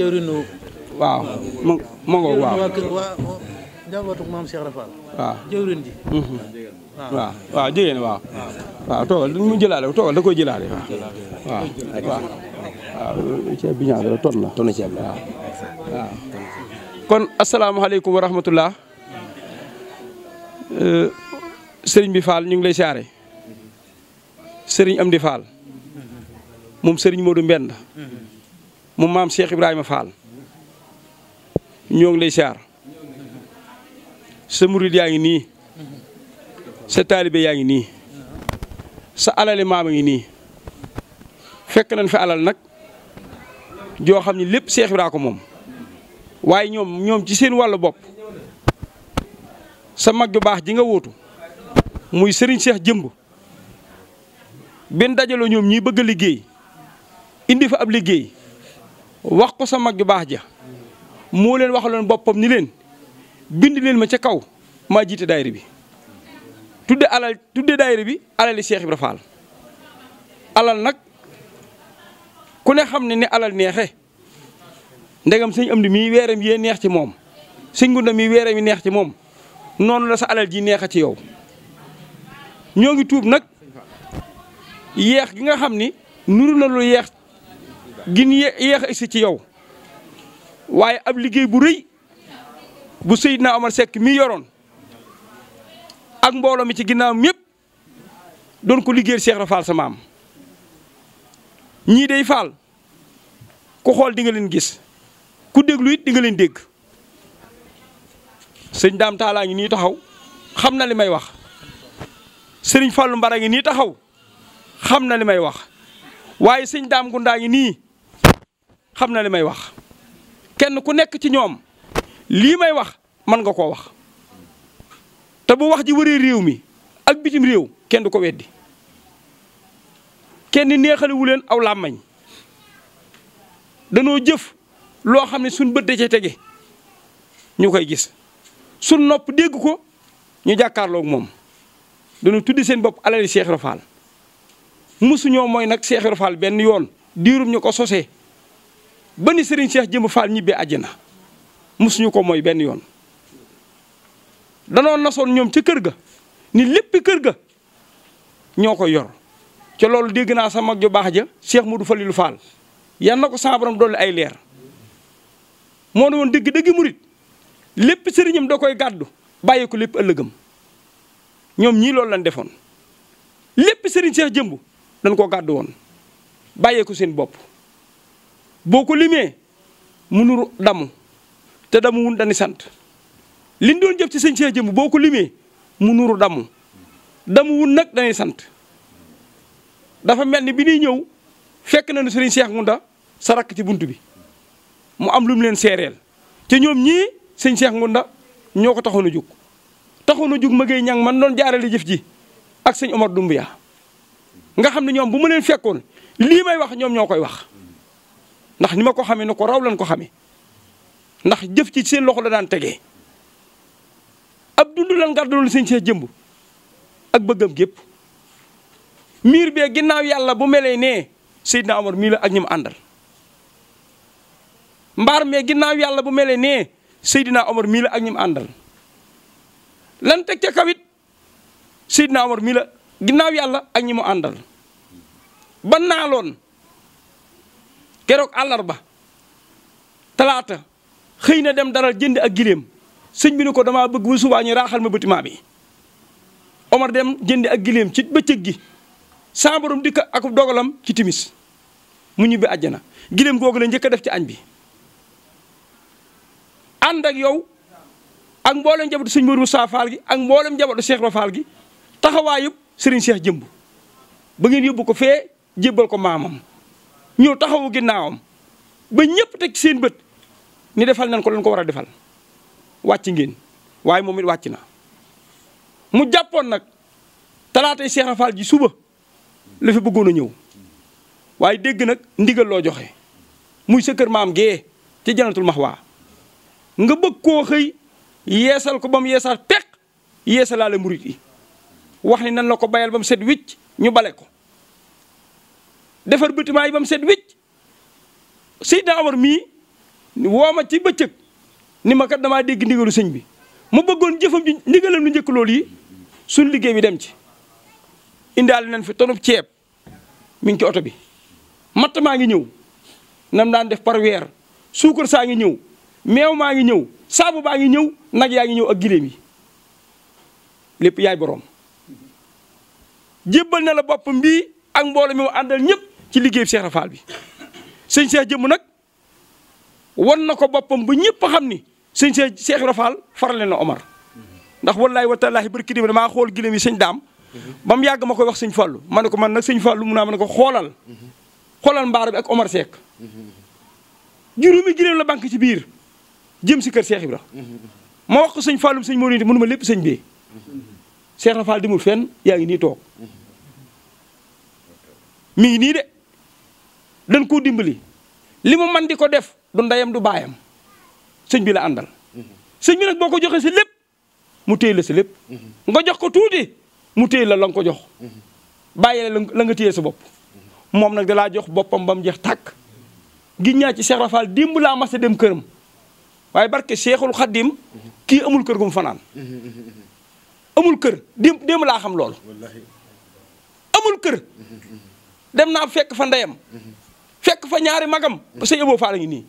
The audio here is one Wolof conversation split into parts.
jëwrinu waaw ma ma ngoog waaw njabootu maam Cheikh Ibra Fall waaw jëwrin ji mhm. waaw waaw jigéen waaw waaw toogal mu jëlaale toogal da koy jëlaale waaw waaw waaw waaw ceeb bi ñaata la ton la ton ceeb la waaw kon asalaamaaleykum wa rahmatullah euh, sëriñ bi Fall ñu ngi lay siyaare sëriñ Amdi Fall moom sëriñ Modou Mbend mhm. mu maam Cheikh Ibrahima Fall ñoo ngi lay siyaar sa murid yaa ngi nii sa taalibe yaa ngi nii sa alali maam a ngi nii fekk nañ fi alal nag joo xam ne lépp Cheikh Ibrahima ko moom waaye ñoom ñoom ci seen wàllu bopp sa mag ju baax ji nga wóotu muy sëriñ seex jëmb benn dajaloo ñoom ñuy bëgg a liggéey indi fa ab liggéey wax ko sa mag ju baax ja moo leen waxaloon boppam ni leen bind leen ma ci kaw maa jiite daayira bi tudde alal tudde daayira bi alali Cheikh bi Fall alal nag ku ne xam ne ni alal neexe ndegam sëñ am di mii weeram yee neex ci moom sëñ gunda mii weeram yi neex ci moom noonu la sa alal ji neexa ci yow ñoo ngi tuub nag yeex gi nga xam ni nuru na lu yeex gin yéex a si ci yow waaye ab liggéey bu rëy bu Seydina Omar sekk mi yoroon ak mbooloo mi ci ginnaaw mi yëpp doon ko liggéey Cheikh Rafal sa maam ñii day faal ku xool di leen gis ku déglu it di nga leen dégg sëñ daam taalaa ngi nii taxaw xam na li may wax sëriñ Fallou Mbara ngi nii taxaw xam na li may wax waaye sëñ daam gundaa ngi nii xam na li may wax kenn ku nekk ci ñoom lii may wax man nga koo wax te bu wax ji wëree réew mi ak bitim réew kenn du ko weddi kenn neexalewu leen aw làmmañ danoo jëf loo xam ne suñ bët da cee tege ñu koy gis suñ nopp dégg ko ñu jàkkaarloog moom dañu tudd seen bopp alali Cheikh Ibra Fall mosu mooy nag Cheikh Ibra benn yoon diirum ñu ko sosee ba ni Serigne Cheikh Jëmb Fall na àjjana mosuñu ko mooy benn yoon danoo nasoon ñoom ca kër ga ni lépp kër ga ñoo ko yor ca loolu dégg naa sa mag ju baax ja Cheikh Modou Falilou Fall yan na ko sa borom ay leer moo ne woon dëgg dëgg murit lépp sëriñam da koy gàddu bàyyi lépp ëllëgam ñoom ñii loolu lañ defoon lépp sëriñ Cheikh Jëmb dañ koo gàddu woon bàyyee seen bopp boo ko limee mu nuru damu te damu wun dañuy sant liñ doon jëf ci sëñ Cheikh jëmb boo ko limee mu nuru damu damu wun nag dañuy sant dafa mel ni bi ñuy ñëw fekk na ne sëriñ Cheikh Ngounda sa rakk ci bunt bi mu am lu mu leen seereel te ñoom ñii sëñ Cheikh Ngounda ñoo ko taxoon a jóg taxoon a jóg ma gay ñang man doon jaarale jëf ji ak sëñ Omar Dumbuya nga xam ne ñoom bu ma leen fekkoon lii may wax ñoom ñoo koy wax ndax ñi ma ko xamee ni ko raw lan ko xamee ndax jëf ci seen loxo la daan tegee ab dund lan gàddaloon sëñ Cheikh jëmb ak bëggam gépp miir bee ginnaaw yàlla bu melee nee Seydina Omar mii la ak ñi mu àndal mbaar mee ginnaaw yàlla bu melee nee Seydina Omar mii la ak ñi àndal lan teg ca kawit Seydina Omar mii la ginnaaw yàlla ak ñi mu àndal ba loon keroog àllarba talaata xëy na dem daral jënd ak gileem sëñ bi ni ko damaa bëgg bu subaa ñu raaxal ma bâtiment bi Omar dem jënd ak giléem ci bëccëg gi saa borom dikk ak dogalam ci timis mu ñibbi àjjana gileem googu la njëkk a def ci añ bi ànd ak yow ak mboolem njabootu sëñ Mourou Moussa Fall gi ak mboolem njabootu Cheikh Ba Fall gi taxawaayub Serigne Cheikh jëmb ba ngeen yóbbu ko fee jébbal ko maamam. ñëw taxawu ginnaawam ba ñëpp teg seen bët ni defal nañ ko lañ ko war a defal wàcc ngeen waaye moom it wàcc na mu jàppoon nag talaatay Cheikh ji suba la fi bëggoon a ñëw waaye dégg nag ndigal loo joxe muy sa kër maam gee ci janatul waa nga bëgg koo xëy yeesal ko ba mu yeesal peq yeesalaale murit yi wax ni nan la ko bayal ba mu set wicc ñu bale ko defar bâtiment yi ba mu set wicc Seydina Omar mii woo ma ci bëccëg ni ma kat damaa dégg ndigalu sëñ bi ma bëggoon jëfam ji ndigalam lu njëkk loolu yi suñ liggéey bi dem ci indaal nañ fi tonub ceeb mi ngi ci oto bi matt maa ngi ñëw nam daan def par weer suukar saa ngi ñëw meew maa ngi ñëw saabu baa ngi ñëw nag yaa ngi ñëw ak giléem yi lépp yaay boroom jébbal na la boppam bii ak mbooloo mi mu àndal ñëpp ci liggéey Cheikh Ibra Fall bi sëñ Cheikh jëmm nag wan na ko boppam ba ñëpp xam ni sëñ Cheikh Cheikh Ibra Fall farale na Omar ndax wallaay wa taalaahi barki dem damaa xool gileem yi sëñ daam ba yàgg ma koy wax sëñ Fallu ma ne ko man nag sëñ fàllu mun a ma ne ko xoolal xoolal mbaar bi ak Omar Seck juróomi gileem la banque ci biir jëm si kër Cheikh Ibra ma wax ko sëñ Fallum sëñ Mawlini mënuma lépp sëñ bi Cheikh Ibra Fall demul fenn yaa ngi nii toog mi dañ koo dimbali li mu man di ko def du ndeyam du baayam sëñ bi la àndal sëñ bi nag boo ko joxee si lépp mu téye la si lépp nga jox ko tuuti mu téye la la nga ko jox bàyyi la la nga téye sa bopp moom nag dalaa jox boppam ba mu jeex tàkk gi ñaa ci Cheikh Rafal démb laa mas dem këram waaye barke Cheikhul Khadim kii amul kër gu fanaan amul kër démb démb laa xam loolu amul kër dem naa fekk fa ndeyam fekk fa ñaari magam sëñ Abo faala ngi nii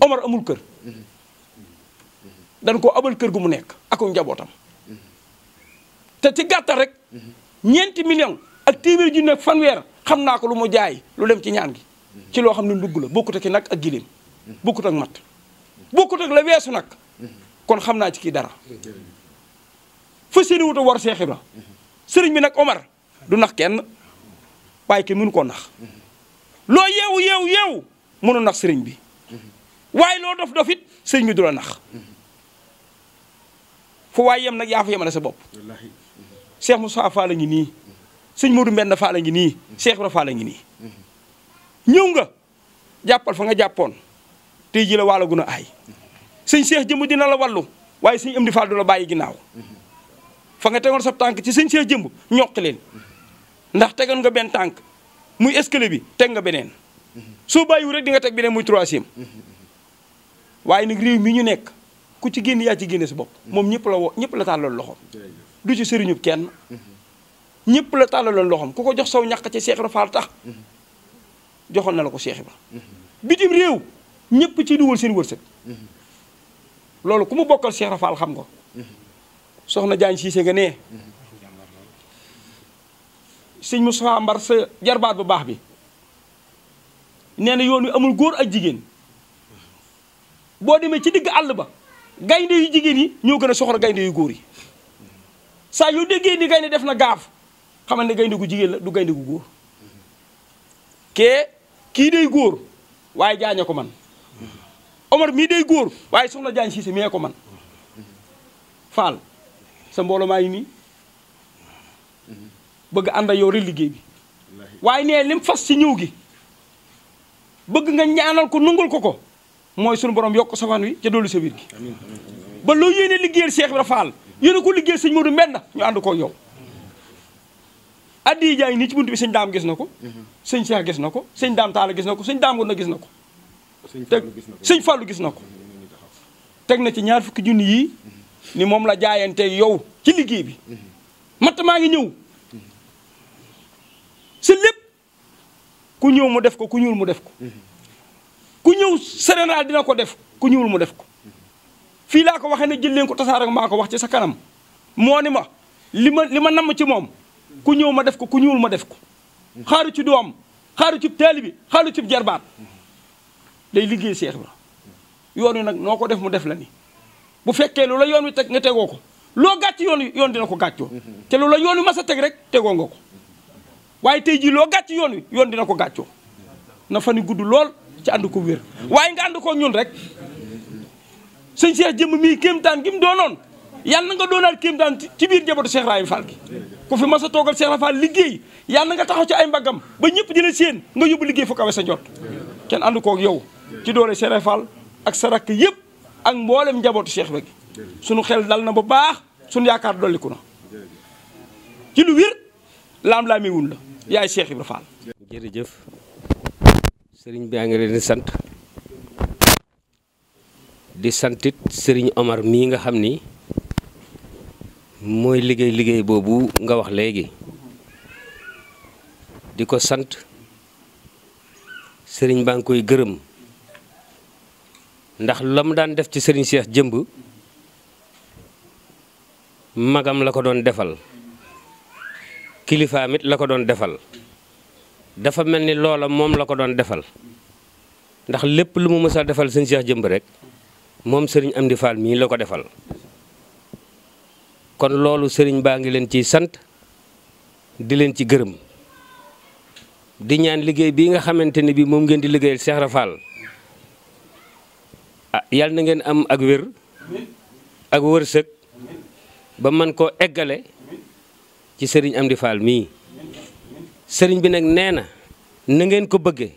Omar amul kër dan koo abal kër gu mu nekk akum njabootam te ci gàttal rek ñeenti million ak téeméer ju nekk fanweer xam naa ko lu mu jaay lu dem ci ñaan gi ci loo xam ne dugg la bokkut ak nag ak gileem bokkut ak matt bokkut ak la weesu nag kon xam naa ci kii dara fa seeni wut a war Seex Ibra sëriñ bi nag Omar du nax kenn waaye kenn mënu koo nax loo yeewu yeewu yeewu mënu nax sëriñ bi waaye loo dof dofit sëriñ mu du la nax fu waay yem nag yaa fa na sa bopp Cheikh Moussa Fall a nii sëñ Modou Mbène Fall a nii mm-hmm. Cheikh Ibra Fall a ngi nii mm-hmm. ñëw nga jàppal fa nga jàppoon tey ji la wàlla gun a aay mm-hmm. sëñ Cheikh jëmb dina la wallu waaye sëñ Amdi Fall du la bàyyi ginnaaw fa nga tegoon sa tànk ci sëñ Cheikh jëmb ñoq leen ndax tegoon nga benn tànk muy escalier bi teg nga beneen soo bàyyiwu rek di nga teg beneen muy troisième waaye nag réew mi ñu nekk ku ci génn yaa ci génne si bopp moom ñëpp la woo ñëpp la tàllal loxoom du ci sëriñub kenn ñëpp la tàllaloon loxoom ku ko jox saw ñàkk ci Cheikh Ibra tax joxoon na la ko Cheikh Ibra bitim réew ñëpp ci dugal seen wërsëg loolu ku mu bokkal Cheikh Ibra Fall xam nga soxna Diagne Cissé nga nee sëñ Moustapha Mbar sa jarbaat bu baax bi nee na yoon wi amul góor ak jigéen boo demee ci digg àll ba gaynde yu jigéen yi ñoo gën a soxla gaynde yu góor yi saa yoo déggee ni gaynde def na gaaf xamal ne gaynde ku jigéen la du gaynde gu góor kee kii day góor waaye jaaña ko man Omar mii day góor waaye soxna jaañ siise mee ko man Fall sa mbooloo maa ngi nii bëgg ànd yow rek liggéey bi waaye nee lim fas ci ñëw gi bëgg nga ñaanal ko nungul ko ko mooy sunu borom yokk safaan wi ca dolli sa biir gi ba loo yéene liggéeyal Cheikh Ibra Fall yéene ko liggéeyal sëñ Modou Mbenda ñu ànd ko yow addi jaay nii ci buntu bi sëñ daam gis na ko mhm. sëñ Cheikh gis na ko sëñ daam taala gis na ko sëñ daam gon na gis na ko te sëñ Fallou gis na ko teg na ci ñaar fukki junni yii mhm. ni moom la jaayante yow ci liggéey bi mhm. matt maa ngi ñëw sa lépp ku ñëw mu def ko ku ñuul mu def ko ku ñëw sénéral dina ko def ku ñëwul mu def ko fii laa ko waxee ne jël leen ko tasaare maa ko wax ci sa kanam moo ni ma li ma li ma namm ci moom ku ñëw ma def ko ku ñuul ma def ko xaaru ci doom xaaru ci taalibe bi xaaru ci jarbaat day liggéey Seex Ibra yoon wi nag noo ko def mu def la ni bu fekkee lu la yoon wi teg nga tegoo ko loo gàcc yoon yoon dina ko gàccoo te loolu la yoon wi mas a teg rek tegoo nga ko waaye tey jii loo gàcc yoon wi yoon dina ko gàccoo na fan yu gudd lool ci ànd ko wér waaye nga ànd koo ñun rek sëñ Cheikh jëmm mii kéemtaan gi mu doonoon yàlla na nga doonaat kéemtaan ci biir njabootu Cheikh Rahim Fall gi ku fi mas a toogal Cheikh Rahim Fall liggéey yàlla na nga taxaw ci ay mbagam ba ñëpp dina séen nga yóbbu liggéey fu kawe sa njot kenn ànd koog yow ci doole Cheikh ak sa rakk yépp ak mboolem njabootu Cheikh ba gi sunu xel dal na bu baax sunu yaakaar dolliku na ci laam laami wun la yaay Cheikh Ibra Fall. jërëjëf sëriñ bi a ngi leen di sant di santit sëriñ Omar mii nga xam ni mooy liggéey liggéey boobu nga wax léegi di ko sant sëriñ baa ngi koy gërëm ndax la mu daan def ci sëriñ Cheikh jëmb magam la ko doon defal. kilifaam it la ko doon defal dafa mel ni loola moom la ko doon defal ndax lépp lu mu mës defal sëñ Cheikh Jëmb rek moom sëriñ Amdi Fall mii la ko defal kon loolu sëriñ baa ngi leen ci sant di leen ci gërëm di ñaan liggéey bi nga xamante ne bii moom ngeen di liggéeyal Cheikh Rafal ah na ngeen am ak wér ak wërsëg ba man koo eggale ci sëriñ Amdi Fall mii sëriñ bi nag nee na nangeen ko bëggee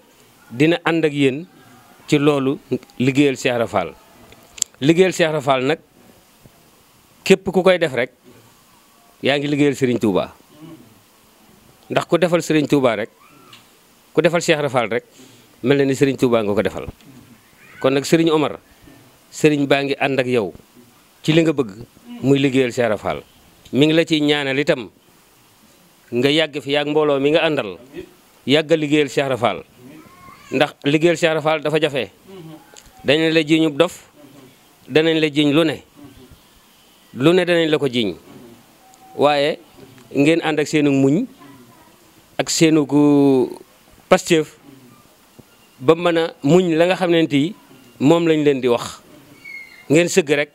dina ànd ak yéen ci loolu liggéeyal Cheikh Ibra Fall liggéeyal Cheikh Ibra nag képp ku koy def rek yaa ngi liggéeyal sëriñ Touba ndax ku defal sëriñ Touba rek ku defal Cheikh Ibra Fall rek mel na ni sëriñ Touba nga ko defal kon nag sëriñ Omar sëriñ baa ngi ànd ak yow ci li nga bëgg muy liggéeyal Cheikh Ibra Fall ngi la ciy ñaanal itam. nga yàgg fi yàgg mbooloo mi nga àndal yàgg a liggéeyal Cheikh ndax liggéeyal Cheikh dafa jafe danañ la jiñu dof danañ la jiiñ lu ne lu ne danañ la ko jiñ waaye ngeen ànd ak seenu muñ ak seenu ku Pastef ba mën muñ la nga xam ne nii moom lañ leen di wax ngeen sëgg rek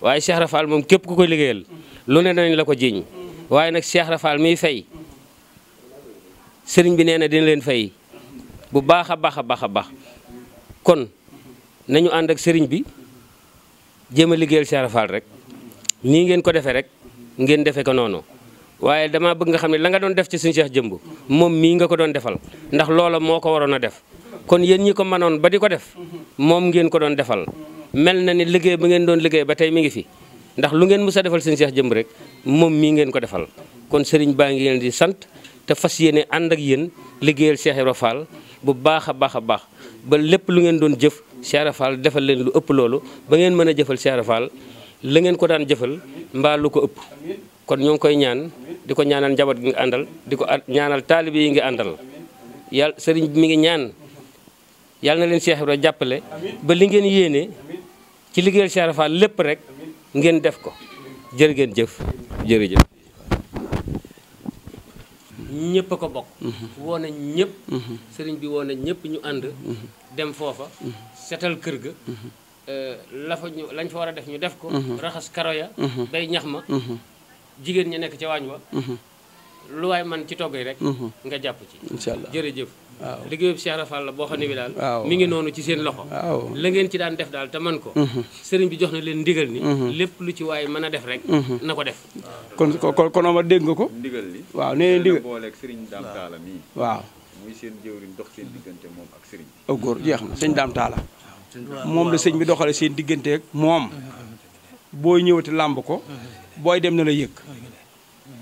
waaye Cheikh moom képp ku koy liggéeyal lu ne danañ la ko jiñ waaye nag Cheikh Rafal miy fay sëriñ bi nee na dina leen fay bu baax a baax a baax a baax kon nañu ànd ak sëriñ bi jéem a liggéeyal Cheikh Rafal rek nii ngeen ko defee rek ngeen defee ko noonu waaye dama bëgg nga xam ne la nga doon def ci suñu Cheikh jëmb moom mii nga ko doon defal ndax loola moo ko waroon a def kon yéen ñi ko mënoon ba di ko def moom ngeen ko doon defal mel na ni liggéey ba ngeen doon liggéey ba tey mi ngi fi. ndax lu ngeen mës defal seen Cheikh Jëmb rek moom mii ngeen ko defal kon sëriñ baa ngi leen di sant te fas yéene ànd ak yéen liggéeyal Cheikh Ibra bu baax a baax a baax ba lépp lu ngeen doon jëf Cheikh Ibra defal leen lu ëpp loolu ba ngeen mën a jëfal Cheikh la ngeen ko daan jëfal mbaa lu ko ëpp kon ñoo ngi koy ñaan di ko ñaanal njaboot bi nga àndal di ko ñaanal taalibe yi ngi àndal yàlla sëriñ mi ngi ñaan yàlla na leen Cheikh jàppale ba li ngeen yéene ci liggéeyal Cheikh Ibra lépp rek ngeen def ko jërë ngeen jëf jërëjëf. ñëpp a ko bokk. Mhm. woo nañ ñëpp. Mhm. sëriñ bi woo nañ ñëpp ñu ànd. Mhm. dem foofa. setal kër ga. Euh, la fa ñu lañ fa war a def ñu def ko. raxas karo ya. bay ñax ma. jigéen ñi nekk ca waañ wa. lu waay man ci togg yi rek. nga jàpp ci. incha waaw liggéeyub Cheikh Rafal la boo xam ne bi daal mi ngi noonu ci seen loxo waaw la ngeen ci daan def daal te man ko mhm. sëriñ bi jox na leen ndigal ni mhm. lépp lu ci waaye mën a def rek mhm. na ko def kon kon kon ma dégg nga ko ndigal li waaw nee na ndigal booleeg sëriñ Dame Talla mii waaw muy seen jëwriñ dox seen diggante moom ak oh, sëriñ la sëñ bi doxale seen diggante ak moom booy ñëwati làmb ko booy dem na la yëg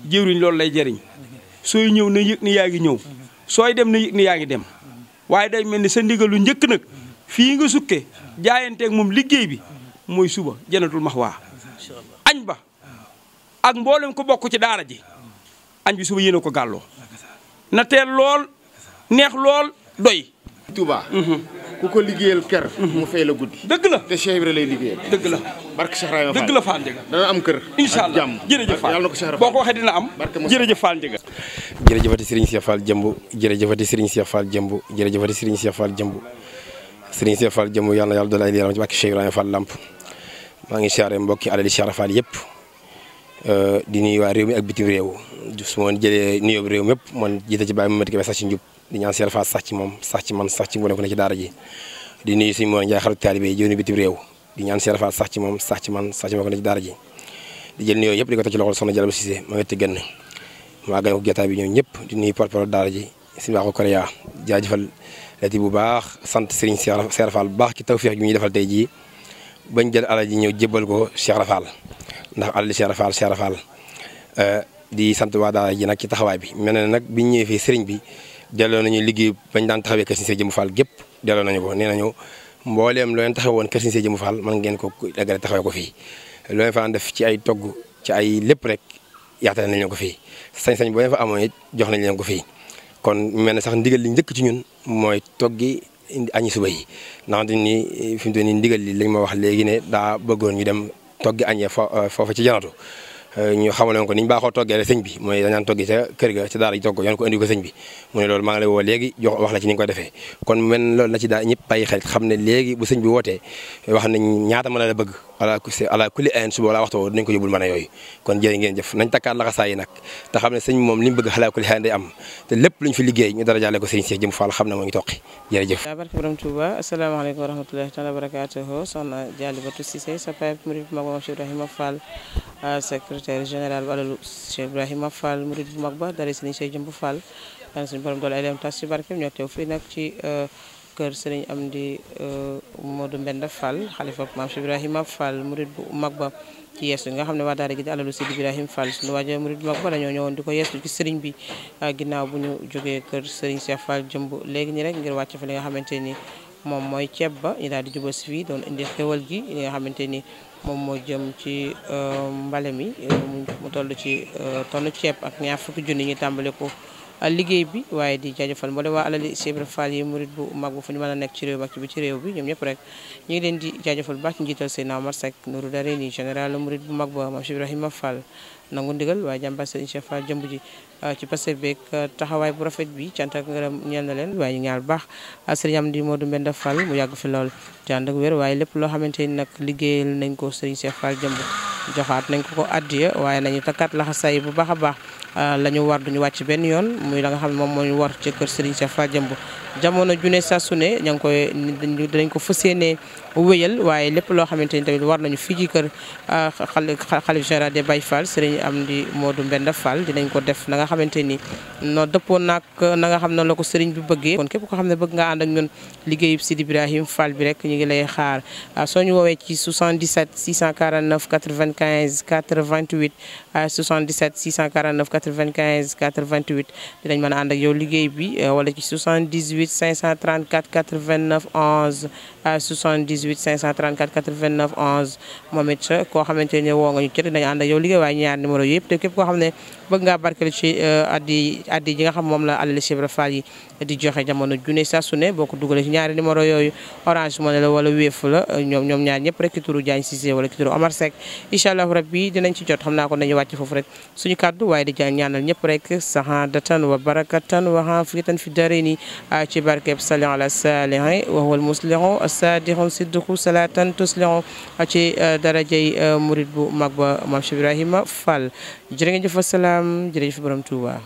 jëwriñ loolu lay jëriñ sooy ñëw na yëg ni yaa ngi ñëw sooy dem ni yaa ngi dem waaye day mel ni sa ndigalu njëkk nag fii nga sukkee jaayanteeg moom liggéey bi mooy suba janatul max waa añ ba ak mboolem ko bokk ci daara ji añ bi suba yéen ko gàlloo na teel lool neex lool doy ku ko liggéeyal kër. mu fay la guddi. dëgg la te Cheikh Ibra lay liggéeyal. am kër. incha allah jàmm jërëjëf Fall yàlla na ko Cheikh boo ko waxee dina am. barke Moussa jërëjëf Fall Ndiaga. jërëjëfati Serigne jëmb jërëjëfati Serigne Cheikh Fall jëmb jëmb Serigne Cheikh Fall jëmb yàlla na yàlla dalay leeram ci maa ngi siyaare mbokki alali Cheikh Fall yëpp euh, di nuyu waa réew mi ak bitim réew su ma jëlee nuyoo réew mépp man jiite ci bàyyi ma métti ke message ci njub di ñaan Serigne Fall sax ci moom sax ci man sax ci mboolem ko ne ci daara ji di nuyu suñu moon njaay xarit taalibe yi jóoni bitim réew di ñaan Serigne Fall sax ci moom sax ci man sax ci mboolem ko ne ci daara ji di jël nuyoo yëpp di ko teg ci loxol soxna Jalaba Cissé ma wetti gënn maa gën ko jotaay bi ñoom ñëpp di nuyu porte-parole daara ji suñu waxu Korea jaajëfal lati bu baax sant Serigne Serigne Fall bu baax ci tawfeex ju ñuy defal tey jii bañ jël alal ji ñëw jébbal ko Cheikh Rafal ndax alal Cheikh Rafal Cheikh Rafal euh, di sant waa daara ji nag ci taxawaay bi mel na nag biñ ñëwee fii sëriñ bi delloo nañu liggéey bañ daan taxawee kër Serigne Cheikh Jëmb Fall gépp delloo nañu ko nee nañu mbooleem loo leen taxawoon kër Serigne Cheikh Jëmb Fall mën ngeen ko daggale taxawee ko fii loo fa fa def ci ay togg ci ay lépp rek yaatal nañ ko fii sañ-sañ boo leen fa amoon it jox nañ leen ko fii kon mel na sax ndigal li njëkk ci ñun mooy toggi añi suba yi ndaxante ni fi mu toll nii ndigal li lañ ma wax léegi ne daa bëggoon ñu dem toggi añee foofu ci janatu ñu xamaloon ko ni baaxoo toggee rek sëñ bi mooy dañaan toggi ca kër ga ca daara ji togg ko ko indi ko bi mu ne loolu maa lay woo léegi wax la ci ni nga defee kon men loolu na ci daa ñëpp bàyyi xel xam ne léegi bu sëñ bi wootee wax nañ a la a jëf nañ takkaat laxasaa nag te xam ne sëñ moom li bëgg ala kulli an am te lépp luñ fi liggéey ñu dara jàlle ko sëñ Cheikh Jëm Fall xam ne moo ngi toqi jërëjëf barke secrétaire général bu alalu Cheikh Ibrahima Fall murid bu mag ba dara sëriñ Cheikh Jëmb Fall daan suñu borom doole ay leem tas ci barkeem ñoo teew fii nag ci euh, kër sëriñ Amdi euh, Modou Mbenda Fall xalifa maam Cheikh Ibrahima Fall murid bu mag ba nga xam ne waa daara gi di alalu Sidi Ibrahima Fall suñu waajo murid bu mag ba dañoo ñëwoon di ko yeesu ci sëriñ bi ginnaaw bu ñu jógee kër sëriñ Cheikh Fall Jëmb léegi nii rek ngir wàcc fa li nga xamante ni moom mooy ceeb ba ñu daal di jubal si fii doon indi xéwal gi li nga xamante moom moo jëm ci euh, mbale mi mu toll ci euh, tonn ceeb ak ñaar fukki junni ñu tàmbale ko euh, liggéey bi waaye di jaajëfal mboole waa alali Ibra Fall yi murit bu mag bu fu ñu mën a nekk ci réew mi ak ci bi ci réew bi ñoom ñëpp rek ñu ngi leen di jaajëfal bu baax ci njiital Seydina Omar Seck Nourou Darayni général murit bu mag ba Mame Cheikh Ibrahima Fall nangu ndigal waaye jàmbaar Serigne Cheikh Fall jëmb ji Euh, ci Pastef beeg euh, taxawaay bu rafet bi cant ak ngërëm ñeel na leen waaye ñu ñaar baax euh, sëriñ Amdi Modou Mbenda Fall mu yàgg lool ci ànd lépp loo xamante ni nag liggéeyal nañ ko sëriñ Cheikh Fall jëmb nañ ko ko addiya waaye nañu takkaat laxasaay bu baax a baax la ñu war duñu wàcc benn yoon muy la nga xam moom moo ñu war ci kër sëriñ Cheikh Fall jëmb jamono june saa su ne ña ngi koy dinañ ko fas yéenee wéyal waaye lépp loo xamante ni tamit war nañu fii ci kër xalif général des Baye Fall sëriñ Amdi Modou Mbenda Fall dinañ ko def na nga xamante ni no dëppoon nag uh, na nga xam ne la ko sëriñ bi bëggee kon képp ko xam ne bëgg nga ànd ak ñun liggéeyub Sidi Ibrahim Fall bi rek ñu ngi lay xaar uh, soo ñu woowee ci 77 649 95 88 77 649 95 88 dinañ mën a ànd ak yow liggéey bi uh, wala ci 78 534 89 11 78 534 89 11 moom it koo xamante ne woo nga ñu ci dinañ ànd ak yow liggéey waaye ñaar numéro yëpp te képp koo xam ne bëgg ngaa barkeel ci ci euh, addi addi ji nga xam moom la Alioune Cheikh Fall yi di joxe jamono junne saa su ne ñaari numéro yooyu orange wala wéef euh, ñoom ñoom ñaar ñëpp rek ki turu wala ki Omar Seck incha allahu rabbi dinañ ci jot xam naa ko nañu wàcc foofu rek suñu kàddu waaye di jaan ñaanal ñëpp rek saxaadatan wa barakatan wa xaafiyatan fi darini ci barkeb salih ala salihin wa huwal muslihu asadihun sidduhu salatan tuslihu ci euh, darajay murid bu mag ba Maam Cheikh Ibrahima Fall jërë Touba